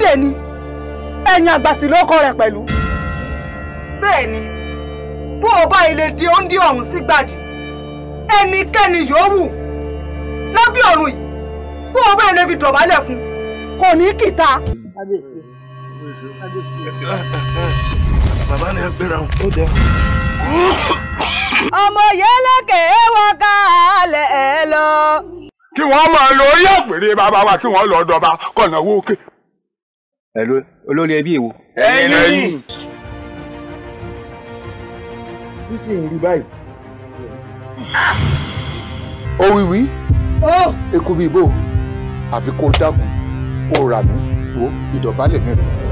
Sunday ni agbasi àgbàsì ló kọ rẹ̀ ni bó o bá di oúnjẹ ohun sí gbadi ẹnikẹ́ni yòówù lábẹ́ ọ̀run yìí tó o bá ilé fi fún kò ni ẹ gbéra dẹ. ọmọ yẹlẹkẹ lọ. kí wọ́n máa lo àgbèrè bàbá wa kí wọ́n lọ dọba kọ̀nà wókè Hello, olórí ẹbí èwo. ẹ̀yin lẹ́yìn. sísì ń rí báyìí. òwìwí èkó bíi bò àfi kó dákun kó rà mí wo ìdọ̀bálẹ̀ mi